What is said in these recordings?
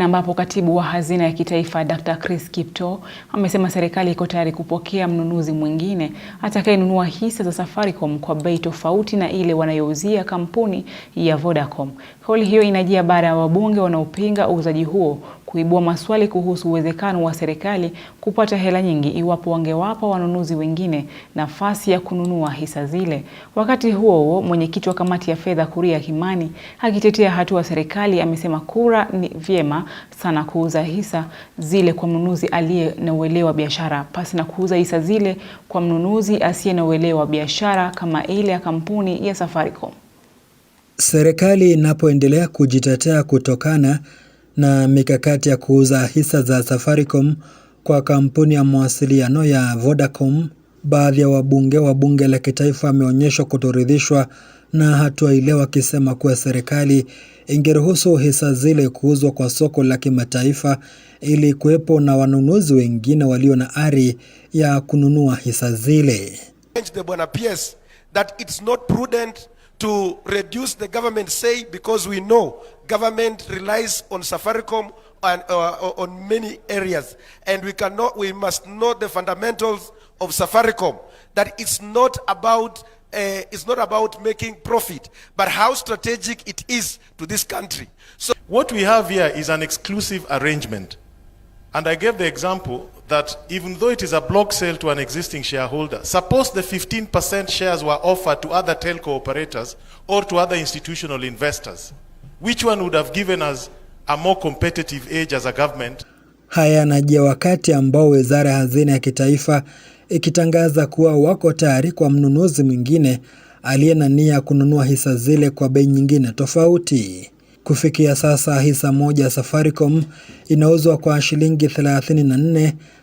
ambapo Katibu wa Hazina ya Kitaifa dr Chris kipto amesema serikali iko tayari kupokea mnunuzi mwingine atakayenunua hisa za Safaricom kwa bei tofauti na ile wanayouzia kampuni ya Vodacom. Kauli hiyo inajia baada ya wabunge wanaopinga uuzaji huo kuibua maswali kuhusu uwezekano wa serikali kupata hela nyingi iwapo wangewapa wanunuzi wengine nafasi ya kununua hisa zile. Wakati huo huo, mwenyekiti wa kamati ya fedha Kuria Kimani akitetea hatua serikali amesema kura ni vyema sana kuuza hisa zile kwa mnunuzi aliye na uelewa biashara pasi na kuuza hisa zile kwa mnunuzi asiye na uelewa biashara kama ile ya kampuni ya Safaricom. Serikali inapoendelea kujitetea kutokana na mikakati ya kuuza hisa za Safaricom kwa kampuni ya mawasiliano ya Vodacom, baadhi ya wabunge wa bunge la kitaifa wameonyeshwa kutoridhishwa na hatua ile, wakisema kuwa serikali ingeruhusu hisa zile kuuzwa kwa soko la kimataifa ili kuwepo na wanunuzi wengine walio na ari ya kununua hisa zile. Bwana PS that it's not prudent to reduce the government say because we know government relies on Safaricom and uh, on many areas and we cannot we must know the fundamentals of Safaricom that it's not about uh, it's not about making profit, but how strategic it is to this country. So, what we have here is an exclusive arrangement. And I gave the example that even though it is a block sale to an existing shareholder, suppose the 15% shares were offered to other telco operators or to other institutional investors, which one would have given us a more competitive edge as a government? Haya yanajia wakati ambao Wizara ya Hazina ya Kitaifa ikitangaza kuwa wako tayari kwa mnunuzi mwingine aliye na nia kununua hisa zile kwa bei nyingine tofauti. Kufikia sasa hisa moja ya Safaricom inauzwa kwa shilingi 34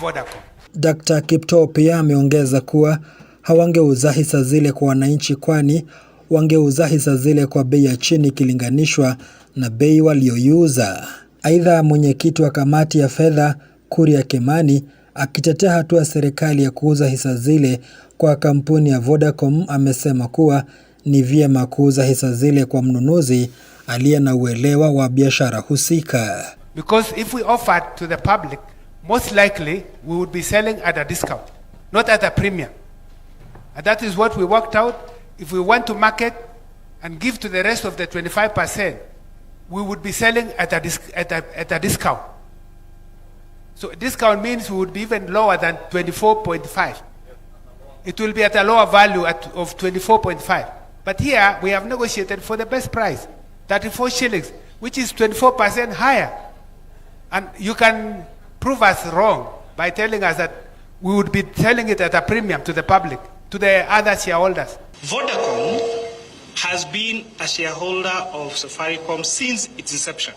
Vodacom. Dr. Kipto pia ameongeza kuwa hawangeuza hisa zile kwa wananchi kwani wangeuza hisa zile kwa bei ya chini ikilinganishwa na bei waliyouza. Aidha, mwenyekiti wa kamati ya fedha Kuria Kimani akitetea hatua ya serikali ya kuuza hisa zile kwa kampuni ya Vodacom amesema kuwa ni vyema kuuza hisa zile kwa mnunuzi aliye na uelewa wa biashara husika. Because if we offer to the public most likely we would be selling at a discount, not at a premium. And that is what we worked out. If we want to market and give to the rest of the 25%, we would be selling at a, dis- at a, at a discount. So discount means we would be even lower than 24.5. It will be at a lower value at, of 24.5. But here we have negotiated for the best price, 34 shillings, which is 24% higher. And you can prove us wrong by telling us that we would be selling it at a premium to the public, to the other shareholders. Vodacom has been a shareholder of Safaricom since its inception.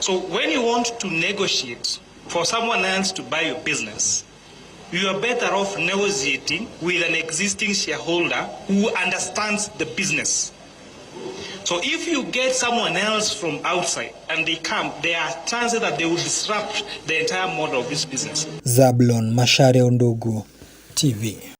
So when you want to negotiate for someone else to buy your business, you are better off negotiating with an existing shareholder who understands the business. So if you get someone else from outside and they come, there are chances that they will disrupt the entire model of this business. Zablon mashare Undugu TV.